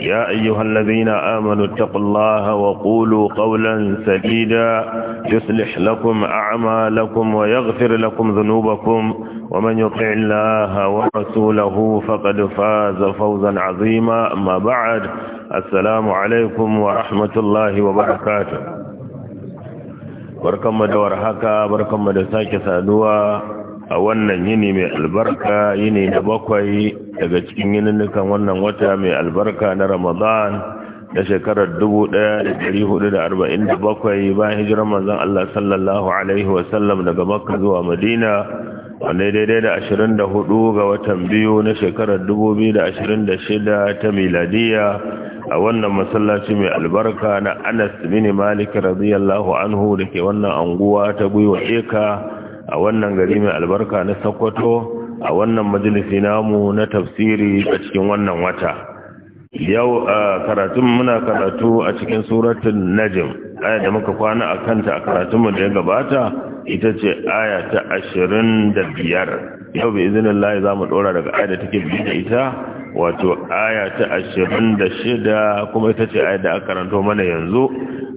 يا أيها الذين آمنوا اتقوا الله وقولوا قولا سديدا يصلح لكم أعمالكم ويغفر لكم ذنوبكم ومن يطع الله ورسوله فقد فاز فوزا عظيما أما بعد السلام عليكم ورحمة الله وبركاته بركم da warhaka بركم da sake a wannan yini mai albarka yini na bakwai daga cikin yininukan wannan wata mai albarka na ramadan na shekarar 1447 bayan hijirar manzon Allah sallallahu alaihi wasallam daga makka zuwa madina wanda daidai da 24 ga watan biyu na shekarar 2026 ta miladiya a wannan masallaci mai albarka na anas bin malik radiyallahu anhu da ke wannan anguwa ta gwiwa eka a wannan gari mai albarka na sakwato a wannan majalisi namu na tafsiri a cikin wannan wata yau karatun muna karatu a cikin suratun najim. aya da muka kwana a kanta a karatunmu da ya gabata ita ce aya ta ashirin da biyar yau bai izinin layi za mu ɗora daga aya da take biyu da ita wato aya ta ashirin da shida kuma ita ce aya da aka karanto mana yanzu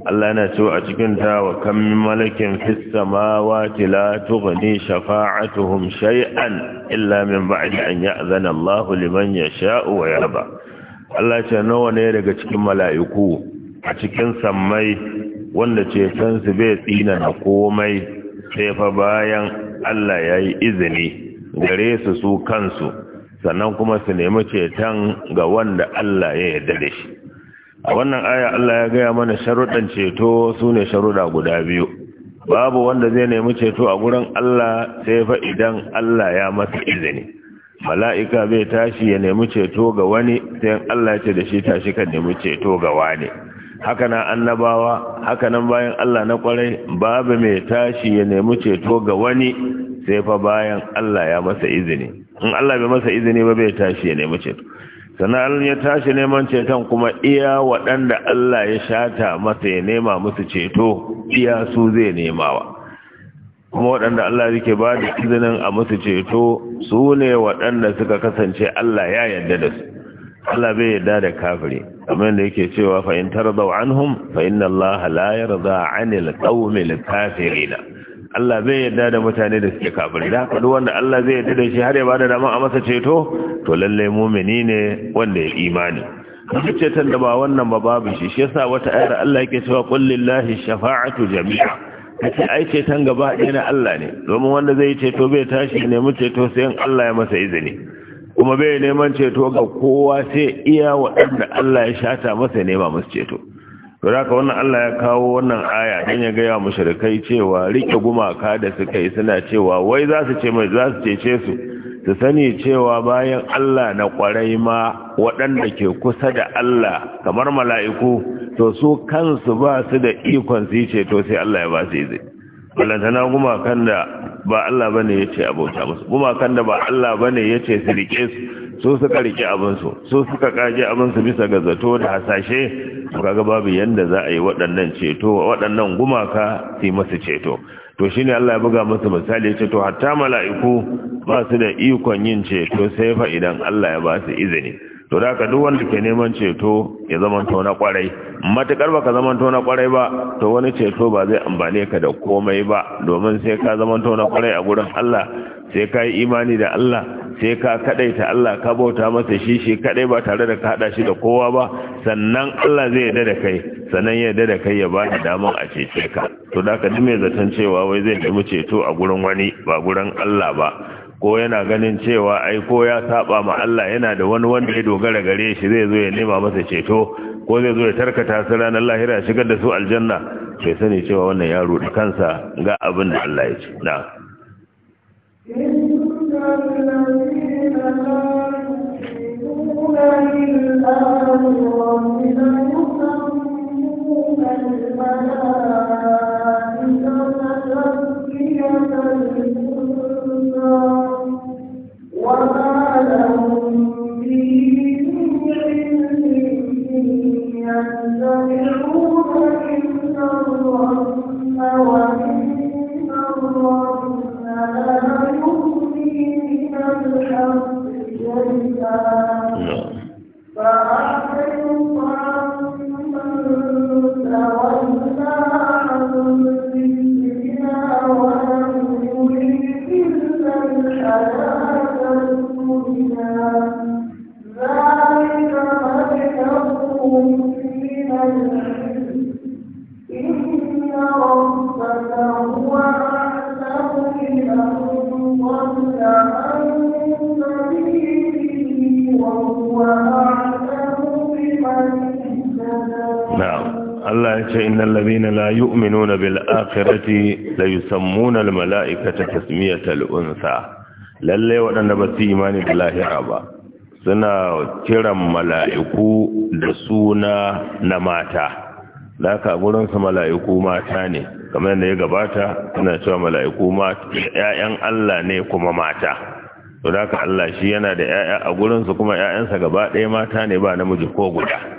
Allah yana cewa a cikin ta wa kam min malakin fis samawati la tughni shafa'atuhum shay'an illa min ba'di an ya'zana Allahu liman yasha'u wa yarda Allah ce nawa ne daga cikin mala'iku a cikin sammai wanda ce san su bai tsina na komai sai fa bayan Allah yayi izini gare su su kansu sannan kuma su nemi ceton ga wanda Allah ya yarda da shi a wannan aya Allah ya gaya mana sharuɗan ceto su ne sharuɗa guda biyu babu wanda zai nemi ceto a gurin Allah sai fa idan Allah ya masa izini mala'ika bai tashi ya nemi ceto ga wani sai Allah ya ce da shi tashi kan nemi ceto ga wani haka na annabawa haka nan bayan Allah na kwarai babu mai tashi ya nemi ceto ga wani sai fa bayan Allah ya masa izini in Allah bai masa izini ba bai tashi ya nemi ceto sannan ya tashi neman ceton kuma iya waɗanda Allah ya shata masa ya nema musu ceto iya su zai nemawa kuma waɗanda Allah yake ba da izinin a musu ceto su ne waɗanda suka kasance Allah ya yarda da su Allah bai yarda da kafiri kamar da yake cewa fa in tarzau anhum fa inna Allah la yarda 'anil qawmil kafirin Allah zai yarda da mutane da suke kafirai da haka duk wanda Allah zai yarda da shi har ya bada dama a masa ceto to lalle mumini ne wanda ya imani duk ceton da ba wannan ba babu shi shi yasa wata ayar Allah yake cewa qul lillahi shafa'atu jami'a kace ai ceton gaba ɗaya na Allah ne domin wanda zai ceto bai tashi mu ceto sai in Allah ya masa izini kuma bai neman ceto ga kowa sai iya waɗanda Allah ya shata masa nema masu ceto to da wannan Allah ya kawo wannan aya dan ya gaya mushrikai cewa rike gumaka da suka yi suna cewa wai za su ce mai za su cece su su sani cewa bayan Allah na kwarai ma waɗanda ke kusa da Allah kamar mala'iku to su kansu ba su da ikon su ce to sai Allah ya ba su izini balantana gumakan da ba Allah bane yace abota musu gumakan da ba Allah bane yace su rike su su suka rike abinsu su suka kaje abinsu bisa ga zato da hasashe ka ga babu yanda za a yi waɗannan ceto waɗannan gumaka su masu ceto to shine Allah ya buga masa misali ce to hatta mala'iku ba su da ikon yin ceto sai fa idan Allah ya ba su izini to da duk wanda ke neman ceto ya zaman to na kwarai matakar baka zaman to na kwarai ba to wani ceto ba zai ambane ka da komai ba domin sai ka zaman to na kwarai a gurin Allah sai ka yi imani da Allah sai ka ta Allah ka bauta masa shi shi kadai ba tare da ka hada shi da kowa ba sannan Allah zai yarda da kai sannan ya yarda da kai ya ba ka daman a cece ka to da ka dume zaton cewa wai zai nemi ceto a gurin wani ba gurin Allah ba ko yana ganin cewa ai ko ya saba ma Allah yana da wani wanda ya dogara gare shi zai zo ya nema masa ceto ko zai zo ya tarkata su ranar lahira shigar da su aljanna sai sani cewa wannan yaro da kansa ga abin da Allah ya ce na'am أجرا بما يسمون الملائكة الذين لا يؤمنون بالآخرة ليسمون الملائكة تسمية الأنثى للي ودن بس إيمان الله ربا سنا كرم ملائكو دسونا نماتا لك أقولون سملائكو ماتاني kamar yadda ya gabata suna cewa mala'iku mata ‘ya'yan Allah ne kuma mata to da Allah shi yana da ‘ya'ya a gurinsu kuma ‘ya'yansa gaba ɗaya mata ne ba namiji ko guda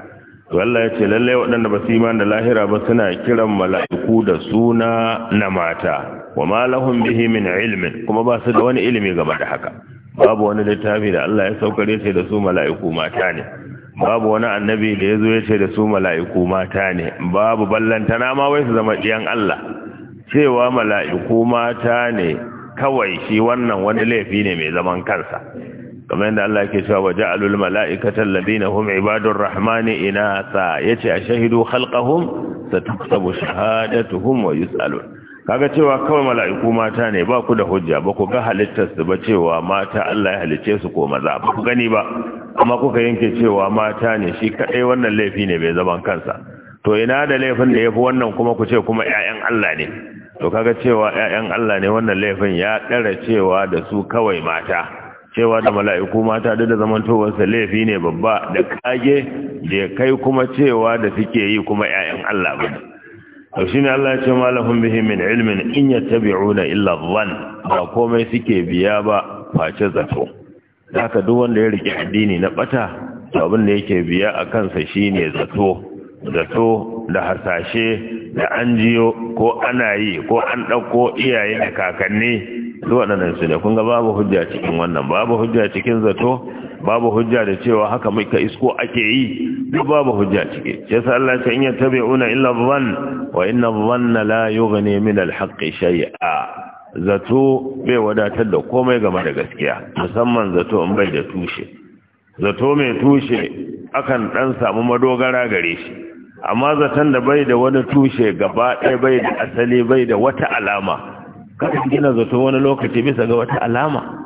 Allah ya ce lallai waɗanda ba su iman da lahira ba suna kiran mala'iku da suna na mata wa ma lahum bihi min ilmin kuma ba su da wani ilimi gaba da haka babu wani littafi da Allah ya saukare ce da su mala'iku mata ne babu wani annabi da yazo zo ya ce da su mala'iku mata ne babu ballantana ma wai su zama ɗiyan Allah cewa mala'iku mata ne kawai shi wannan wani laifi ne mai zaman kansa kamar yadda Allah ke cewa waje ja'alul mala'ikatan labina hum ibadun rahmani ina sa ya ce a shahidu shahadatuhum wa yus'alun kaga cewa kawai mala'iku mata ne ba ku da hujja ba ku ga su ba cewa mata Allah ya halicce su ko maza ba ku gani ba amma kuka yanke cewa mata ne shi kaɗai wannan laifi ne bai zaman kansa to ina da laifin da ya fi wannan kuma ku ce kuma 'ya'yan Allah ne to kaga cewa 'ya'yan Allah ne wannan laifin ya ƙara cewa da su kawai mata cewa da mala'iku mata da zamantowarsa laifi ne babba da kage da kai kuma cewa da suke yi kuma ‘ya'yan Allah ba da shi ne Allah ce malahun bihi min ilmin in ya tabi'una illa zan ba komai suke biya ba face zato da haka duk wanda ya rike addini na bata abin da yake biya a kansa shi zato zato da hasashe da an jiyo ko ana yi ko an ɗauko iyaye da kakanni waɗannan su ne kun ga babu hujja cikin wannan babu hujja cikin zato babu hujja da cewa haka mai ka isko ake yi duk babu hujja cike sai sa Allah ya in tabi'una illa dhann wa inna dhanna la yughni min al-haqqi shay'a zato bai wadatar da komai game da gaskiya musamman zato in bai da tushe zato mai tushe akan dan samu madogara gare shi amma zaton da bai da wani tushe gaba ɗaya bai da asali bai da wata alama kada ki gina zato wani lokaci bisa ga wata alama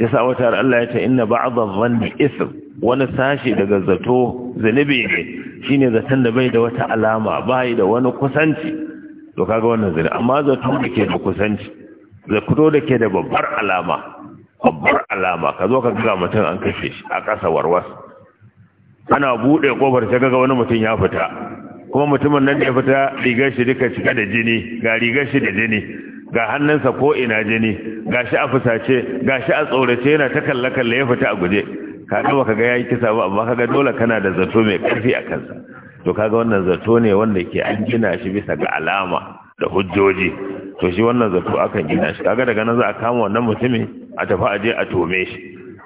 Ya sa wata Allah ya ce inna ba'dha dhanni ism wani sashi daga zato zanibi ne shine zaton da bai da wata alama bai da wani kusanci to kaga wannan zani amma zato da ke da kusanci zato da ke da babbar alama babbar alama ka zo ka ga mutum an kashe shi a ƙasa warwas ana buɗe kofar ta ga wani mutum ya fita kuma mutumin nan da ya fita rigar shi duka cika da jini ga rigar shi da jini ga hannunsa ko ina jini Ga shi a fusace ga shi a tsorace yana ta kalle kalle ya fita a guje Ka kaga baka ga yayi kisa ba amma kaga dole kana da zato mai karfi a kansa to kaga wannan zato ne wanda ke an gina shi bisa ga alama da hujjoji to shi wannan zato akan gina shi kaga daga nan za a kama wannan mutumin a tafi a je a tome shi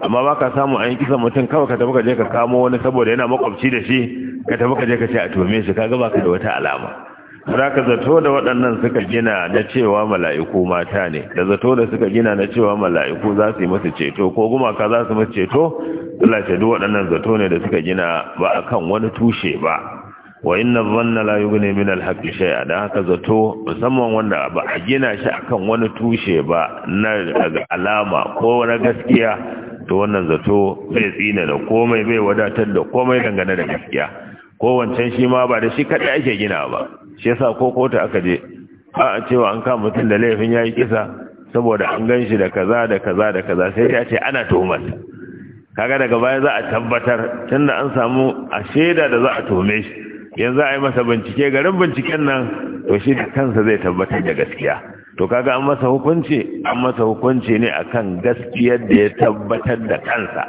amma baka samu an kisa mutum kawai ka tafi ka je ka kamo wani saboda yana makwabci da shi ka tafi ka je ka ce a tome shi kaga baka da wata alama ka zato da waɗannan suka gina na cewa mala'iku mata ne da zato da suka gina na cewa mala'iku za su yi masu ceto ko gumaka za su masu ceto Allah ce duk waɗannan zato ne da suka gina ba a kan wani tushe ba wa inna zanna la yughni min al-haqqi shay'a dan haka zato musamman wanda ba a gina shi akan wani tushe ba na alama ko na gaskiya to wannan zato bai tsina da komai bai wadatar da komai dangane da gaskiya ko wancan shi ma ba da shi kaɗai ake gina ba shi yasa ko kotu aka je a cewa an kama mutum da laifin ya yi kisa saboda an gan da kaza da kaza da kaza sai ya ce ana tuhumar kaga daga baya za a tabbatar tunda an samu a shaida da za a tuhume shi yanzu a yi masa bincike garin binciken nan to shi da kansa zai tabbatar da gaskiya to kaga an masa hukunci an masa hukunci ne akan gaskiyar da ya tabbatar da kansa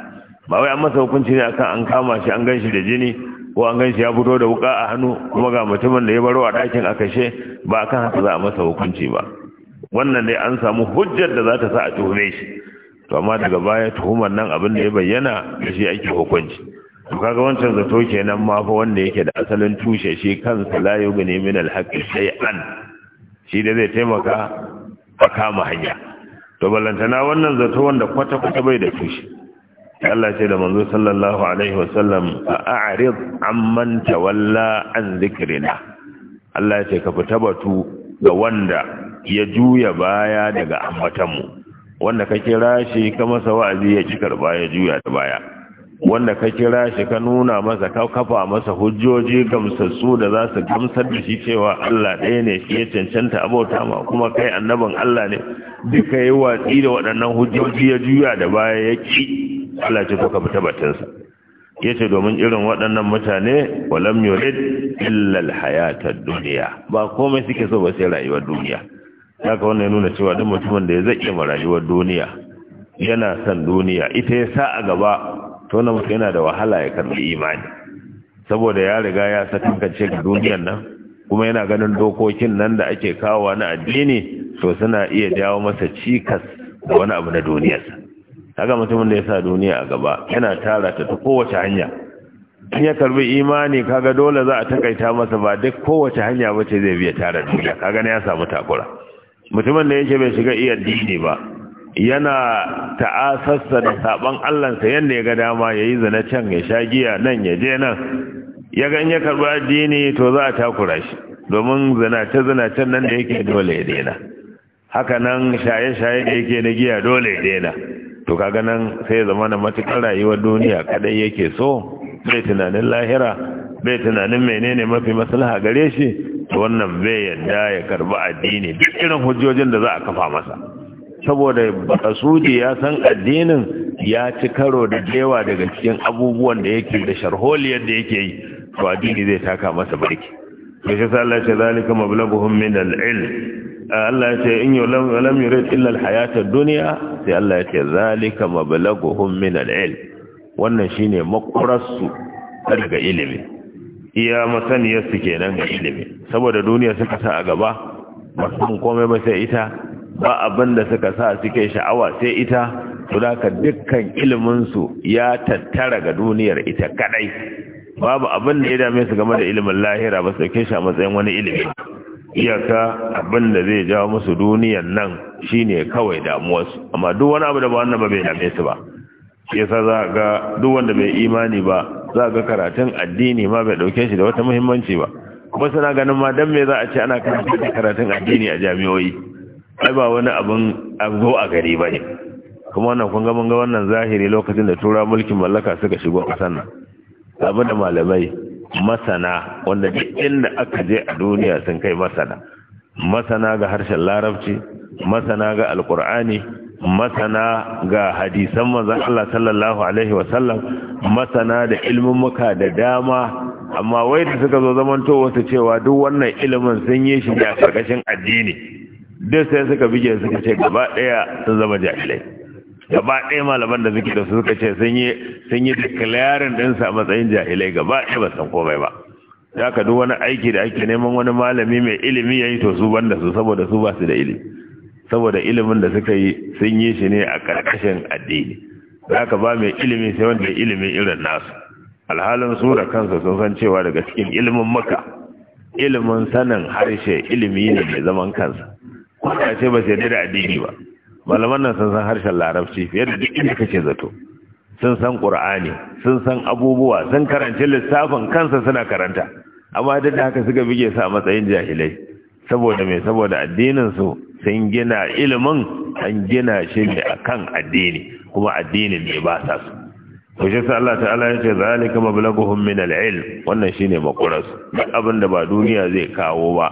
ba wai an masa hukunci ne akan an kama shi an ganshi da jini ko an gan shi ya fito da wuka a hannu kuma ga mutumin da ya baro a ɗakin a kashe ba kan haka za a masa hukunci ba wannan ne an samu hujjar da za ta sa a tuhume shi to amma daga baya tuhumar nan abin da ya bayyana da shi ake hukunci to kaga wancan zato kenan ma fa wanda yake da asalin tushe shi kansa la yughni min al shay'an shi da zai taimaka a kama hanya to ballantana wannan zato wanda kwata kwata bai da tushe Allah ce da manzo sallallahu alaihi wasallam a'rid amman tawalla an zikrina Allah ce ka fita batu ga wanda ya juya baya daga ambatanmu wanda ka kira shi ka masa wa'azi ya cikar baya juya ta baya wanda ka kira shi ka nuna masa ka kafa masa hujjoji gamsassu da za su gamsar da shi cewa Allah ɗaya ne shi ya cancanta abota ma kuma kai annabin Allah ne duka yi watsi da waɗannan hujjoji ya juya da baya ya ci. Allah ce ko ka fita sa yace domin irin waɗannan mutane walam yurid illa alhayata dunya ba komai suke so ba sai rayuwar duniya haka wannan ya nuna cewa duk mutumin da ya zake ma rayuwar duniya yana son duniya ita ya sa a gaba to na mutum yana da wahala ya karbi imani saboda ya riga ya kance ga duniyar nan kuma yana ganin dokokin nan da ake kawo na addini to suna iya jawo masa cikas da wani abu na duniyarsa kaga mutumin da ya sa duniya a gaba yana tara ta ta kowace hanya in ya karbi imani kaga dole za a takaita masa ba duk kowace hanya ba ce zai biya tara duniya kaga ne ya samu takura mutumin da yake bai shiga iya dini ba yana ta'asassa da saban Allahnsa yanda ya ga dama yayi zina can ya sha giya nan ya je nan ya ga in ya karbi addini to za a takura shi domin zinace can nan da yake dole ya daina haka nan shaye-shaye da yake na giya dole ya daina to kaga nan sai zama na matukar rayuwar duniya kaɗai yake so bai tunanin lahira bai tunanin menene mafi maslaha gare shi to wannan bai yadda ya karbi addini duk irin hujjojin da za a kafa masa saboda basudi ya san addinin ya ci karo da dewa daga cikin abubuwan da yake da sharholiyar da yake yi to addini zai taka masa barki to shi ce zalika mablaguhum min al-ilm Allah ya ce in yau lam yurid illa alhayata dunya sai Allah ya ce zalika mablaguhum min alilm wannan shine makurarsu daga ilimi iya masaniyar su kenan ga ilimi saboda duniya suka sa a gaba ba san komai ba sai ita ba abin da suka sa suke sha'awa sai ita to daga dukkan ilimin su ya tattara ga duniyar ita kadai babu abin da ya dame su game da ilimin lahira ba su ke shi a matsayin wani ilimi iyaka abinda zai jawo musu duniyan nan shine kawai damuwarsu amma duk wani abu da ba wannan ba bai dame su ba shi yasa za ga duk wanda bai imani ba za ga karatun addini ma bai dauke shi da wata muhimmanci ba kuma suna ganin ma dan me za a ce ana karatun karatun addini a jami'o'i ai ba wani abin abgo a gari bane kuma wannan kun ga mun ga wannan zahiri lokacin da tura mulkin mallaka suka shigo kasan nan abinda malamai masana wanda duk inda aka je a duniya sun kai masana masana ga harshen larabci masana ga alkur'ani masana ga hadisan manzon Allah sallallahu alaihi sallam masana da ilmin muka da dama amma wai da suka zo to wasu cewa duk wannan ilimin sun yi shi da karkashin addini duk sai suka bige suka ce gaba daya sun zama jahilai gaba ɗaya malaman da suke da su suka ce sun yi sun yi declaring din sa matsayin jahilai gaba ɗaya ba san komai ba Ya ka duk wani aiki da ake neman wani malami mai ilimi yayi to su banda su saboda su ba su da ilimi saboda ilimin da suka yi sun yi shi ne a ƙarƙashin addini za ka ba mai ilimi sai wanda ilimi irin nasu alhalin su da kansa sun san cewa daga cikin ilimin maka ilimin sanin harshe ilimi ne mai zaman kansa ko ce ba sai da addini ba malaman nan sun san harshen larabci fiye da duk inda kake zato sun san qur'ani sun san abubuwa sun karanci lissafin kansa suna karanta amma duk da haka suka bige su a matsayin jahilai saboda me saboda addinin su sun gina ilimin an gina shi ne akan addini kuma addinin ne ba sa su to shi Allah ta'ala ya ce zalika mablaguhum min al-ilm wannan shine makuransu duk abin ba duniya zai kawo ba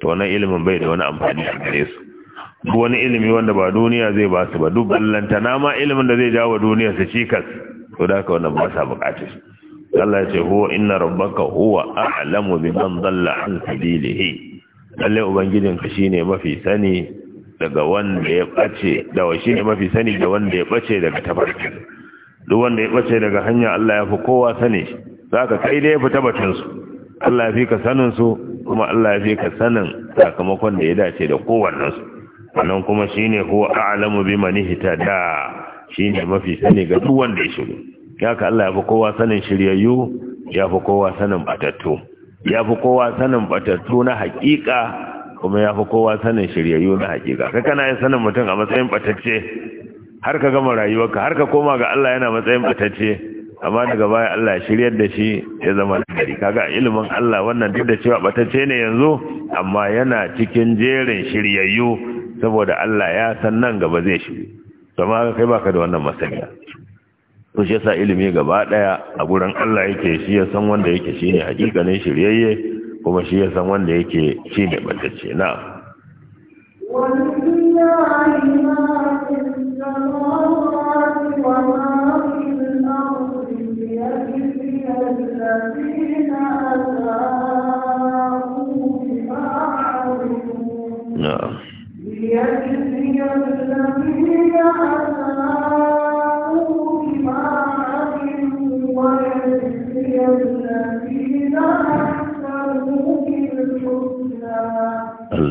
to wannan ilimin bai da wani amfani a gare su wani ilimi wanda ba duniya zai ba su ba duk ballantana ma ilimin da zai jawo duniya su cikas to da haka wannan ba sa bukatar Allah ya ce huwa inna rabbaka huwa a'lamu biman dalla an sabilihi lalle ubangijin ka shine mafi sani daga wanda ya bace da wa shine mafi sani da wanda ya bace daga tafarki duk wanda ya bace daga hanya Allah ya fi kowa sani zaka kai dai fi batun su Allah ya fi ka sanin su kuma Allah ya fi ka sanin sakamakon da ya dace da kowannen su wannan kuma shine huwa a'lamu biman ihtada shine mafi sani ga duk wanda ya shiru haka Allah ya fi kowa sanin shiryayyu ya fi kowa sanin batattu ya fi kowa sanin batattu na hakika kuma ya fi kowa sanin shiryayyu na hakika kai kana yin sanin mutum a matsayin batacce har ka gama rayuwarka har ka koma ga Allah yana matsayin batacce amma daga baya Allah ya shiryar da shi ya zama nagari kaga ilimin Allah wannan duk da cewa batacce ne yanzu amma yana cikin jerin shiryayyu saboda Allah ya san nan gaba zai to kama kai baka da wannan masaniya to shi yasa ilimi gaba daya a gurin Allah yake shi ya san wanda yake shine hakikanin shiryayye kuma shi ya san wanda yake shine batacce na wallahi ma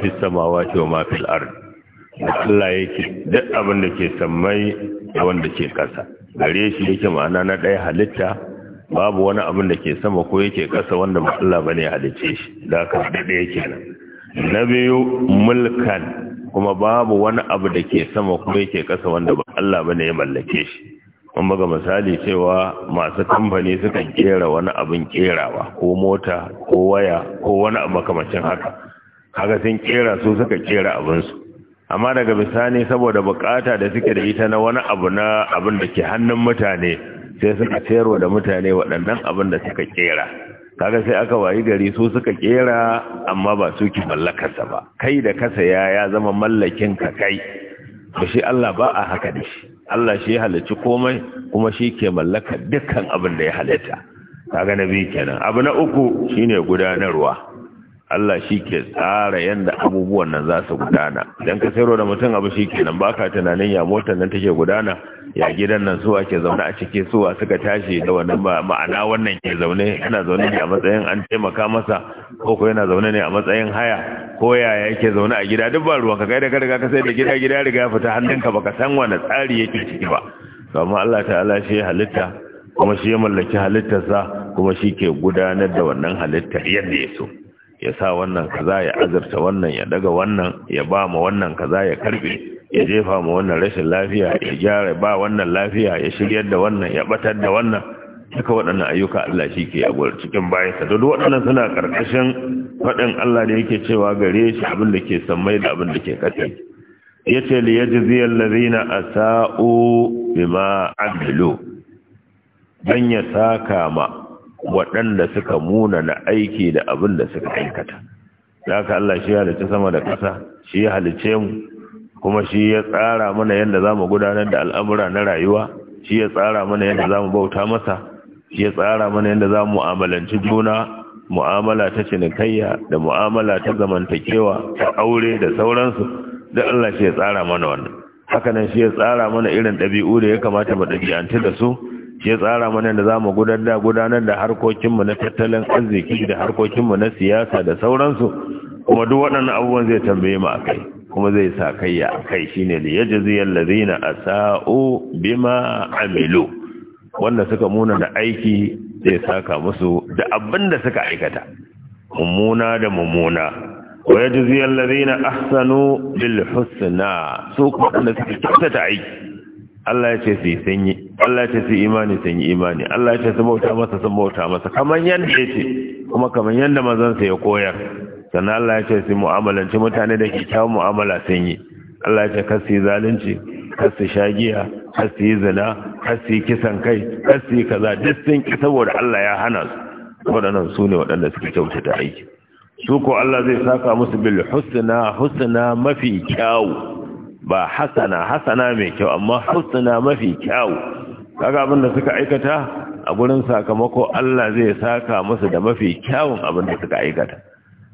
fi sama wa ma fil ard Allah yake duk abin da ke samai da wanda ke ƙasa gare shi yake ma'ana na ɗaya halitta babu wani abin da ke sama ko yake ƙasa wanda ba Allah bane ya halicce shi da ka da ɗaya kenan na biyu mulkan kuma babu wani abu da ke sama ko yake ƙasa wanda ba Allah bane ya mallake shi mun ga misali cewa masu kamfani sukan kera wani abin kerawa ko mota ko waya ko wani abu makamancin haka kaga sun kera su suka kera abinsu amma daga bisani saboda bukata da suke da ita na wani abu na abin da ke hannun mutane sai suka sayarwa da mutane waɗannan abin da suka kera kaga sai aka wayi gari su suka kera amma ba su ki mallakarsa ba kai da kasa ya ya zama mallakin ka kai ba shi Allah ba a haka da shi Allah shi ya halacci komai kuma shi ke mallakar dukkan abin da ya halitta kaga na biyu kenan abu na uku shine gudanarwa Allah shi ke tsara yadda abubuwan nan za su gudana idan ka sayarwa da mutum abu shi ke ba baka tunanin ya motar nan take gudana ya gidan nan suwa ke zaune a cike suwa suka tashi da wannan ma'ana wannan ke zaune yana zaune ne a matsayin an taimaka masa ko ko yana zaune ne a matsayin haya ko yaya yake zaune a gida duk ba ruwan ka kai da ka ka sai da gida gida riga ya fita hannunka baka san wani tsari yake ciki ba amma Allah ta'ala shi halitta kuma shi ya mallaki halittarsa kuma shi ke gudanar da wannan halittar yadda ya so ya sa wannan kaza ya azurta wannan ya daga wannan ya ba ma wannan kaza ya karbe ya jefa ma wannan rashin lafiya ya gyara ba wannan lafiya ya shiryar da wannan ya batar da wannan duka waɗannan ayyuka Allah shi ke a cikin sa duk waɗannan suna ƙarƙashin faɗin Allah da yake cewa gare shi abin da ke sammai da abin da ke ƙasa ya ce li yajzi allazina asa'u bima amilu dan ya saka ma waɗanda suka muna na aiki da abin da suka aikata da ka Allah shi halicci sama da ƙasa shi ya halicce mu kuma shi ya tsara mana yadda za mu gudanar da al'amura na rayuwa shi ya tsara mana yadda za mu bauta masa shi ya tsara mana yadda za mu mu'amalanci juna mu'amala ta cinikayya da mu'amala ta zamantakewa ta aure da sauransu da Allah shi ya tsara mana wannan haka shi ya tsara mana irin ɗabi'u da ya kamata mu ɗabi'antu da su ke tsara mana da zamu gudanar gudanar da harkokinmu na tattalin arziki da harkokinmu na siyasa da sauransu kuma duk waɗannan abubuwan zai tambaye mu akai kuma zai sa kai ya akai shine li yajzi allazina asa'u bima amilu wanda suka muna da aiki zai saka musu da abin da suka aikata mummuna da mummuna wa yajzi allazina ahsanu bil husna su kuma da suka kyautata aiki Allah ya ce su yi sanyi Allah ya ce su imani sun imani Allah ya ce su bauta masa sun bauta masa kamar yadda ya ce kuma kamar yadda mazansa ya koyar sannan Allah ya ce su mu'amalanci mutane da ke kyawun mu'amala sun yi Allah ya ce kar su yi zalunci kar su shagiya, giya kar yi zina kar su yi kisan kai kar su yi kaza duk sun saboda Allah ya hana su waɗannan su ne waɗanda suke kyautata aiki su ko Allah zai saka musu bil husna husna mafi kyawu ba hasana hasana mai kyau amma husna mafi kyau kaga abin da suka aikata a gurin sakamako Allah zai saka musu da mafi kyawun abin da suka aikata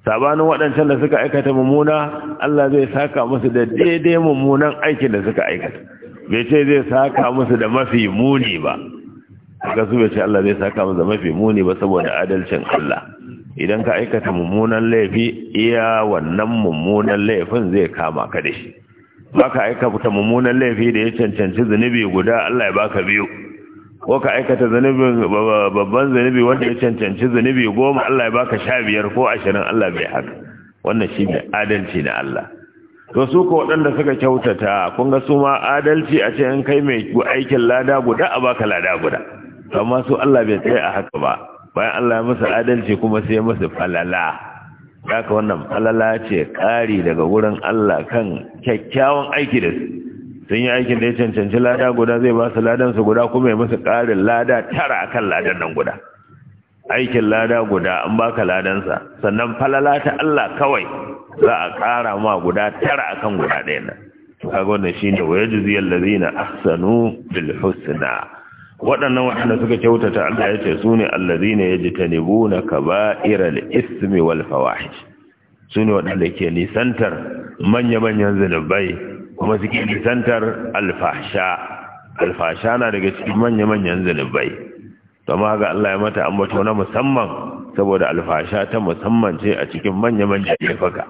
sabanin waɗancan da suka aikata mummuna Allah zai saka musu da daidai mummunan aikin da suka aikata bai ce zai saka musu da mafi muni ba kaga su bai ce Allah zai saka musu da mafi muni ba saboda adalcin Allah idan ka aikata mummunan laifi iya wannan mummunan laifin zai kama ka da shi baka aikata mummunan laifi da ya cancanci zunubi guda Allah ya baka biyu ko ka aikata zunubin babban zunubi wanda ya cancanci zunubi goma Allah ya baka sha biyar ko ashirin Allah bai haka wannan shi ne adalci na Allah to su ko waɗanda suka kyautata kun ga su ma adalci a ce in kai mai aikin lada guda a baka lada guda amma su Allah bai tsaya a haka ba bayan Allah ya masa adalci kuma sai ya masa falala haka wannan alala ce ƙari daga wurin Allah kan kyakkyawan aiki da su sun yi aikin da ya cancanci lada guda zai ba su ladan guda kuma ya musu ƙarin lada tara akan ladan nan guda aikin lada guda an baka ladansa sannan falala ta Allah kawai za a ƙara ma guda tara akan guda ɗaya nan kaga wannan shine wa ziyar ladina ahsanu bil husna waɗannan waɗanda suka kyautata Allah ya ce su ne allazi ne ya ji ta nebu na kaba'irar ismi wal fawahish su ne waɗanda ke nisantar manya-manyan zunubai kuma suke nisantar alfasha alfasha na daga cikin manya-manyan To amma ga Allah ya mata ambato na musamman saboda alfasha ta musamman ce a cikin manya-manyan laifuka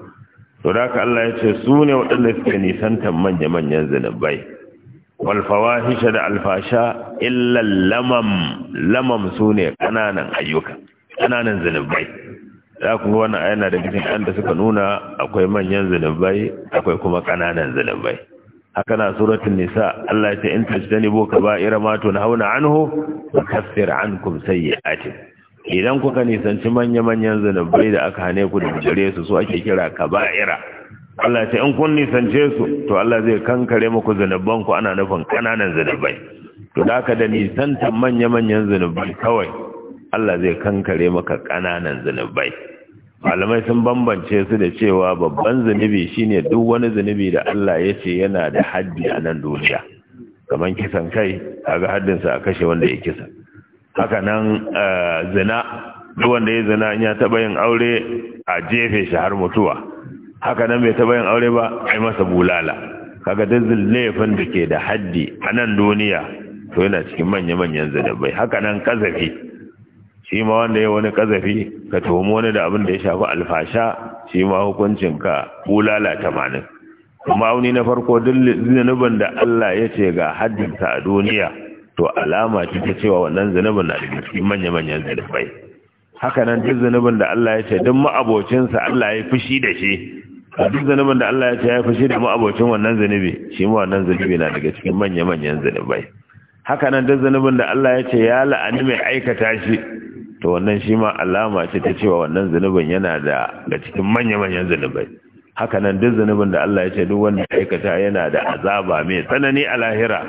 to da haka Allah ya ce su ne waɗanda suke nisantar manya-manyan zunubai walfawahisha da alfasha illa lamam lamam sune kananan ayyuka kananan zunubai za ku ga wannan yana da cikin an da suka nuna akwai manyan zunubai akwai kuma kananan zinubai haka na suratul nisa Allah ya ce in ba ira ma hauna anhu nukaffir ankum sayyi'atikum idan kuka nisanci manya-manyan zunubai da aka hane ku da jare su so ake kira kaba'ira Allah ya ce in kun nisance su to Allah zai kankare muku zanuban ku ana nufin kananan zanubai to da haka da nisanta manya-manyan zanubai kawai Allah zai kankare maka kananan zanubai malamai sun bambance su da cewa babban zanubi shine duk wani zanubi da Allah ya ce yana da haddi a nan duniya kamar kisan kai kaga sa a kashe wanda ya kisa haka nan eh, zina duk wanda ya zina in ya taɓa yin aure a jefe shi har mutuwa haka nan bai taɓa yin aure ba ai masa bulala kaga duk laifin da ke da haddi a nan duniya to yana cikin manya-manyan zanabai haka nan kazafi shi ma wanda ya wani kazafi ka tuhumi wani da abin da ya shafi alfasha shi ma hukuncin ka bulala tamanin wani na farko duk zanubin da Allah ya ce ga haddinsa a duniya to alama ce ta cewa wannan zinubin na daga cikin manya-manyan zanabai haka nan duk zinubin da Allah ya ce duk ma'abocinsa Allah ya fushi da shi a duk zanubin da Allah ya ce ya shi da abokin wannan zanubi shi mu wannan zanubi na daga cikin manya-manyan zanubai haka nan duk zanubin da Allah ya ce ya la'ani mai aikata shi to wannan shi ma alama ce ta cewa wannan zanubin yana da daga cikin manya-manyan zanubai haka nan duk zanubin da Allah ya ce duk wanda aikata yana da azaba mai tsanani a lahira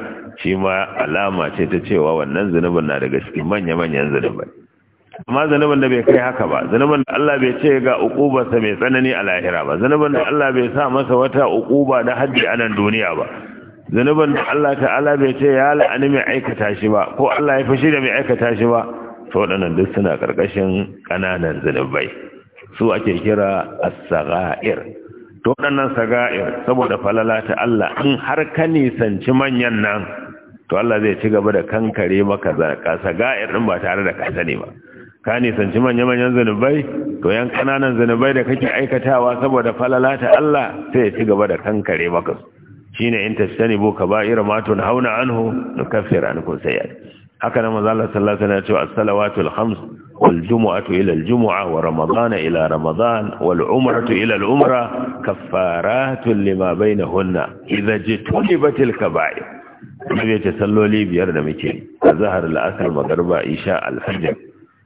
shi ma alama ce ta cewa wannan zanubin na daga cikin manya-manyan zanubai amma zanubin da bai kai haka ba zanubin da Allah bai ce ga uqubarsa mai tsanani a lahira ba zanubin da Allah bai sa masa wata uquba da haddi a nan duniya ba zanubin da Allah ta'ala bai ce ya la'ani mai aikata shi ba ko Allah ya fashi da mai aikata shi ba to waɗannan duk suna karkashin ƙananan zanubai su ake kira as-sagha'ir to waɗannan sagha'ir saboda falala ta Allah in har ka nisanci manyan nan to Allah zai ci gaba da kankare maka zaka sagha'ir din ba tare da ka sani ba ka nisanci manya-manyan zunubai to yan kananan zunubai da kake aikatawa saboda falala ta Allah sai ya ci gaba da kankare maka shine in tashtanibu kaba'ira ma tunhauna anhu nukaffir ankum sayyi'at haka na manzo Allah sallallahu alaihi wasallam ya ce as-salawatul khams wal jumu'atu ila al jumu'a wa ramadan ila ramadan wal umratu ila al umra kaffaratun lima bainahunna idza jitunibatil kaba'ir Nabi ya ce salloli biyar da muke, a zahar la'asar magarba, isha, alhajjar,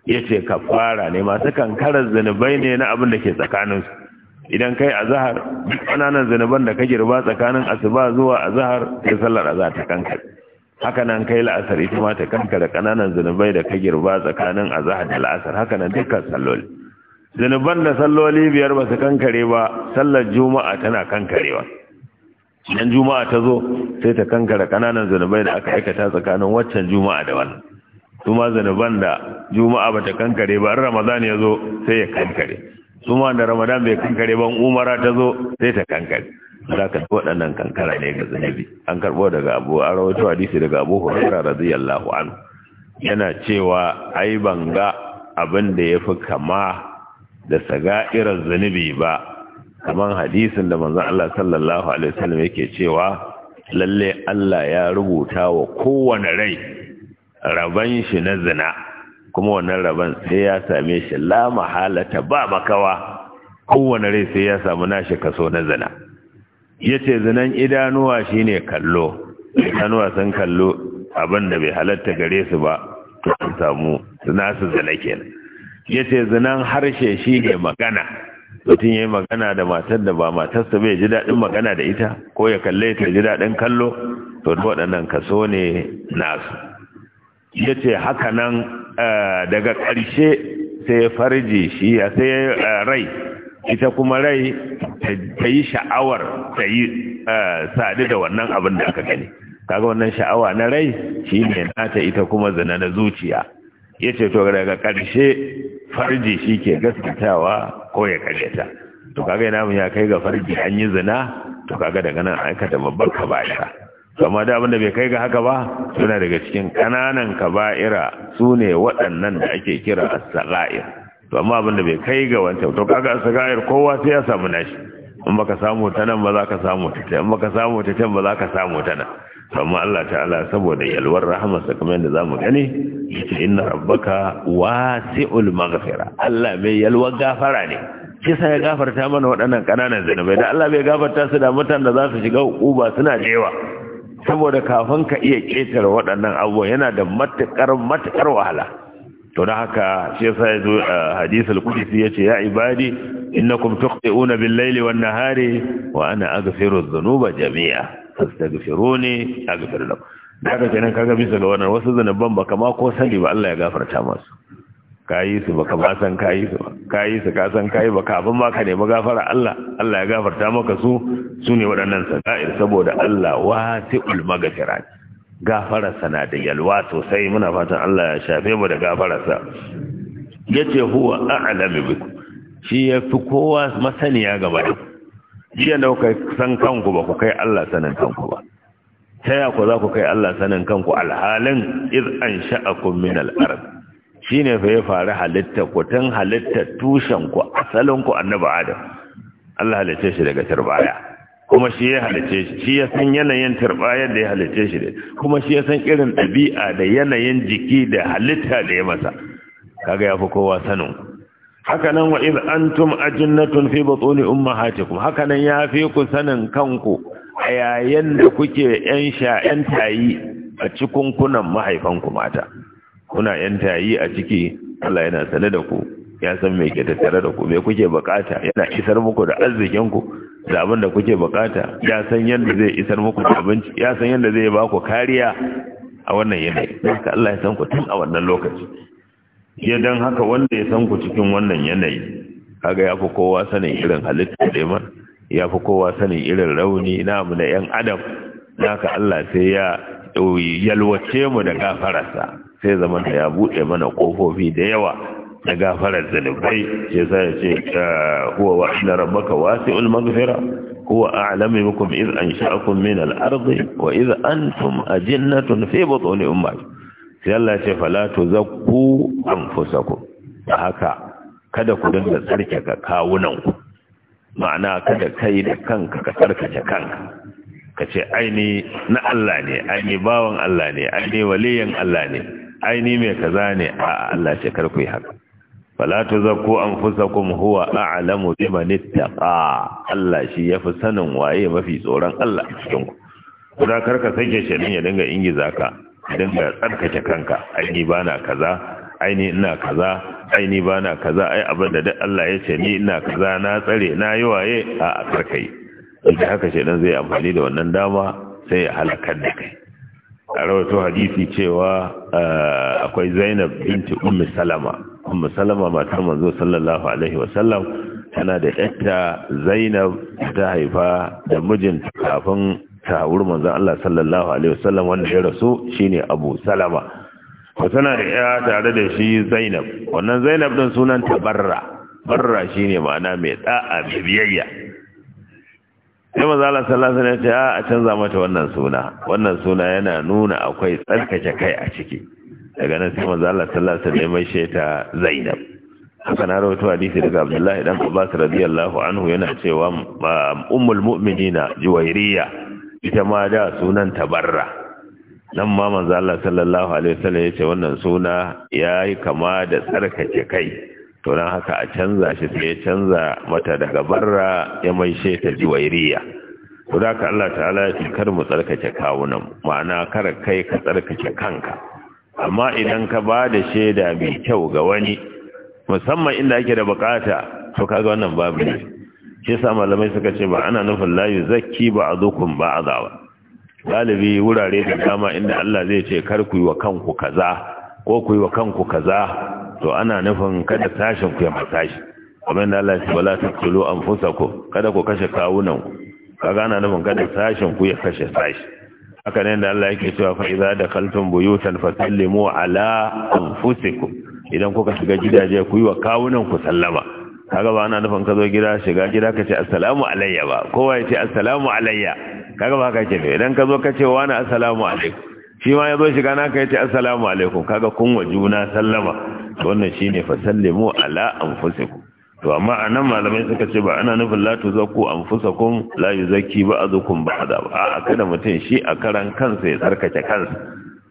Ya ka kafara ne masu kankarar zanubai ne na abin da ke tsakanin su idan kai a zahar ƙananan zanuban da ka girba tsakanin asuba zuwa a zahar kai sallar a za ta kankare haka nan kai la'asar ita ma ta kankare ƙananan zanubai da ka girba tsakanin a zahar da la'asar haka nan dukkan salloli zanuban da salloli biyar ba su kankare ba sallar juma'a tana kankarewa idan juma'a ta zo sai ta kankare ƙananan zanubai da aka aikata tsakanin waccan juma'a da wannan su ma zanuban da juma'a bata kankare ba in ramadan ya zo sai ya kankare su ma da ramadan bai kankare ban umara ta zo sai ta kankare za ka waɗannan kankara ne ga zunubi an karɓo daga abu a rawaito hadisi daga abu hurairah radiyallahu anhu yana cewa ai ban ga abin da ya fi kama da saga'irar zunubi ba kaman hadisin da manzon Allah sallallahu alaihi wasallam yake cewa lalle Allah ya rubuta wa kowane rai raban shi na zina kuma wannan raban sai ya same shi la mahalata ba makawa kowane rai sai ya samu nashi kaso na zina yace zinan idanuwa shine kallo idanuwa sun kallo abin bai halatta gare su ba to sun samu suna su zina kenan yace zinan harshe shine magana mutum ya yi magana da matar da ba matarsa bai ji daɗin magana da ita ko ya kalle ta ji daɗin kallo to waɗannan kaso ne nasu ya ce haka nan eh, daga ƙarshe sai farji shi ya sai eh, rai ita kuma rai ta yi sha'awar ta yi eh, sadu da wannan abin da aka gani kaga wannan sha'awa na rai shi ne nata ita kuma zina na zuciya ya ce to daga ƙarshe farji shi ke gaskatawa ko ya karyata to kaga yana ya kai ga farji an yi zina to kaga daga nan aikata babbar kabasha amma da abinda bai kai ga haka ba suna daga cikin kananan kaba'ira su ne waɗannan da ake kira a sala'ir to amma abinda bai kai ga wancan to kaga as-saga'ir kowa sai ya samu nashi in baka samu ta nan ba za ka samu ta ta in baka samu ta can ba za ka samu ta nan amma Allah ta'ala saboda yalwar sa kamar yadda zamu gani yace inna rabbaka wasi'ul maghfira Allah mai yalwar gafara ne kisa ya gafarta mana waɗannan ƙananan zinubai da Allah bai gafarta su da mutan da za su shiga uba suna da yawa saboda kafin ka iya ƙetare waɗannan abubuwan yana da matuƙar matuƙar wahala to da haka shi yasa ya zo eh, hadisul qudsi yace ya ibadi innakum tuqti'una bil laili wan nahari wa ana aghfiru dhunuba jami'a fastaghfiruni aghfir lakum da haka kenan kaga bisa ga wannan wasu zanuban ba kama ko sani ba Allah ya gafarta masu ka yi su baka ba san ka yi su ka yi su ka san ka yi baka abin ka nemi gafara Allah Allah ya gafarta maka su su ne waɗannan sa'ir saboda Allah wasi'ul magfirat gafara sana da yalwa sosai muna fatan Allah ya shafe mu da gafararsa yace huwa a'lamu bikum shi ya fi kowa masaniya gaba da jiya da kuka san kanku ba ku kai Allah sanin kanku ba ta ya ku za ku kai Allah sanin kanku alhalin iz an sha'akum min al-ard shine fa ya faru halitta ku tun halitta tushen ku asalin ku annabi adam Allah halice shi daga turbaya kuma shi ya halice shi shi ya san yanayin tarbaya da ya halice shi kuma shi ya san irin ɗabi'a da yanayin jiki da halitta da ya masa kaga ya fi kowa sanin haka nan wa iz antum ajinnatun fi butuni ummahatikum haka nan ya fi ku sanin kanku a yayin da kuke yan sha'yan tayi a cikin kunan mahaifanku mata kuna yan tayi a ciki Allah yana sane da ku ya san me ke tattare da ku me kuke bukata yana isar muku da arzikin ku da abin da kuke bukata ya san yadda zai isar muku da abinci ya san yadda zai ba ku kariya a wannan yanayi ka Allah ya san ku tun a wannan lokaci ya dan haka wanda ya san ku cikin wannan yanayi kaga ya fi kowa sanin irin halitta da man ya fi kowa sanin irin rauni na mu na yan adam naka Allah sai ya yalwace mu da gafararsa sai zama ya buɗe mana ƙofofi da yawa na gafarar zalibai ya sa ya ce ah, huwa wa inna rabbaka wasi'ul magfira huwa a'lamu bikum id ansha'akum min al-ardi wa id antum ajinnatun fi butuni ummatikum sai Allah ce fala to zakku anfusakum da haka kada ku dinga ka kawunan ku ma'ana kada kai da kanka ka tsarkake kanka kace aini na Allah ne aini bawan Allah ne aini waliyan Allah ne aini mai kaza ne a Allah ce karku yi haka fala tuzakku anfusakum huwa a'lamu biman ittaqa Allah shi yafi sanin waye mafi tsoron Allah a cikin ku kuma karka sake shi ya dinga ingiza ka dinga tsarkake kanka aini bana kaza aini ina kaza aini bana kaza ai abin da duk Allah ya ce ni ina kaza na tsare na yi waye a karkai idan haka shedan zai amfani da wannan dama sai ya halakar da kai a rawato hadisi cewa eh, akwai zainab binti ummu salama ummu salama matar manzo sallallahu alaihi wasallam tana da yatta zainab ta haifa da mijinta kafin ta wuri manzo Allah sallallahu alaihi wasallam wanda ya rasu shine abu salama ko tana da ya tare da shi zainab wannan zainab din sunan ta barra barra shine ma'ana mai da'a biyayya sai mazala sallallahu alaihi ce ah, a canza mata wannan suna wannan suna yana nuna akwai tsarkake kai a ciki daga nan sai mazala sallallahu alaihi mai sheta zainab haka na rawaito hadisi daga abdullahi dan abbas radiyallahu anhu yana cewa ummul mu'minina juwairiya ita ma da sunan tabarra nan ma manzo Allah sallallahu alaihi wasallam ce wannan suna yayi kama da tsarkake kai to don haka a canza shi sai ya canza mata daga barra ya mai ta juwairiya to da ka Allah ta'ala ya kar mu tsarkake kawunan ma'ana kar kai ka tsarkake kanka amma idan ka ba da shaida mai kyau ga wani musamman inda ake da bukata to kaga wannan babu ne shi yasa malamai suka ce ba ana nufin la yuzakki ba'dukum ba'dha ba galibi wurare da dama inda Allah zai ce kar ku yi wa kanku kaza ko ku yi wa kanku kaza to ana nufin kada sashin ku ya matashi kamar da Allah ya bala taqtulu anfusako. kada ku kashe kawunan ku kaga ana nufin kada sashin ku ya kashe sashi haka ne da Allah yake cewa fa idza dakhaltum buyutan fasallimu ala anfusikum idan kuka shiga gidaje ku yi wa kawunan ku sallama kaga ba ana nufin ka zo gida shiga gida ka ce assalamu alayya ba kowa ya ce assalamu alayya kaga ba ka ce ne idan ka zo ka ce wa wani assalamu alaikum shi ma ya zo shiga naka ya ce assalamu alaikum kaga kun wa juna sallama wannan shine fasallimu ala anfusikum to amma anan malamai suka ce ba ana nufin la tuzakku anfusakum la yuzakki ba'dukum ba'da ba a kada mutum shi a karan kansa ya tsarkake kansa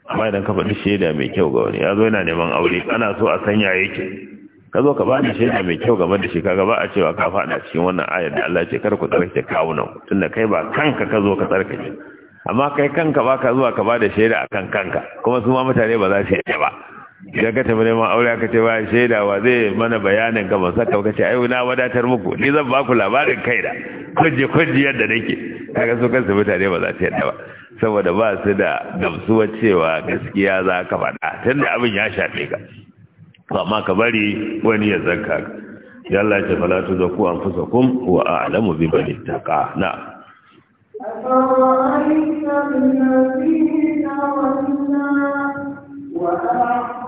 amma idan ka faɗi shaida mai kyau ga wani ya zo yana neman aure ana so a sanya yake ka zo ka ba ni shaida mai kyau game da shi kaga ba a cewa ka faɗa cikin wannan ayar da Allah ce kar ku tsarkake kawuna tunda kai ba kanka ka zo ka tsarkake amma kai kanka ba ka zuwa ka ba da shaida akan kanka kuma su ma mutane ba za su yi ba idan ka tafi neman aure aka ce ba shaidawa zai mana bayanin ga masu ka ce ai na wadatar muku ni zan baku labarin kai da kujje kujje yadda nake kaga su kansu mutane ba za su yadda ba saboda ba su da gamsuwa cewa gaskiya za ka faɗa tunda abin ya shafe ka amma ka bari wani ya zanka ka Allah ce fala tu zaku anfusakum wa a'lamu bi man ittaqa na أفرأيت الذين تولى وأعطى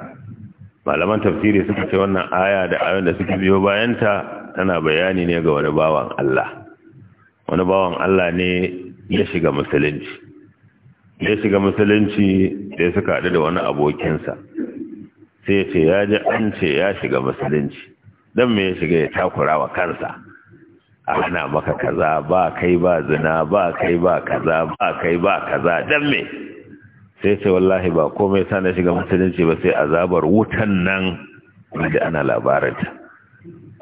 malaman tafsiri suka ce wannan aya da ayoyin da suka biyo bayanta tana bayani ne ga wani bawan Allah wani bawan Allah ne ya shiga musulunci ya shiga musulunci da suka haɗu da wani abokinsa sai ya ce ya ji an ce ya shiga musulunci Dan me ya shiga ya takura wa kansa a hana maka kaza ba kai ba zina ba kai ba kaza ba kai ba kaza don me sai sai wallahi ba komai sa na shiga musulunci ba sai azabar wutan nan da ana ta.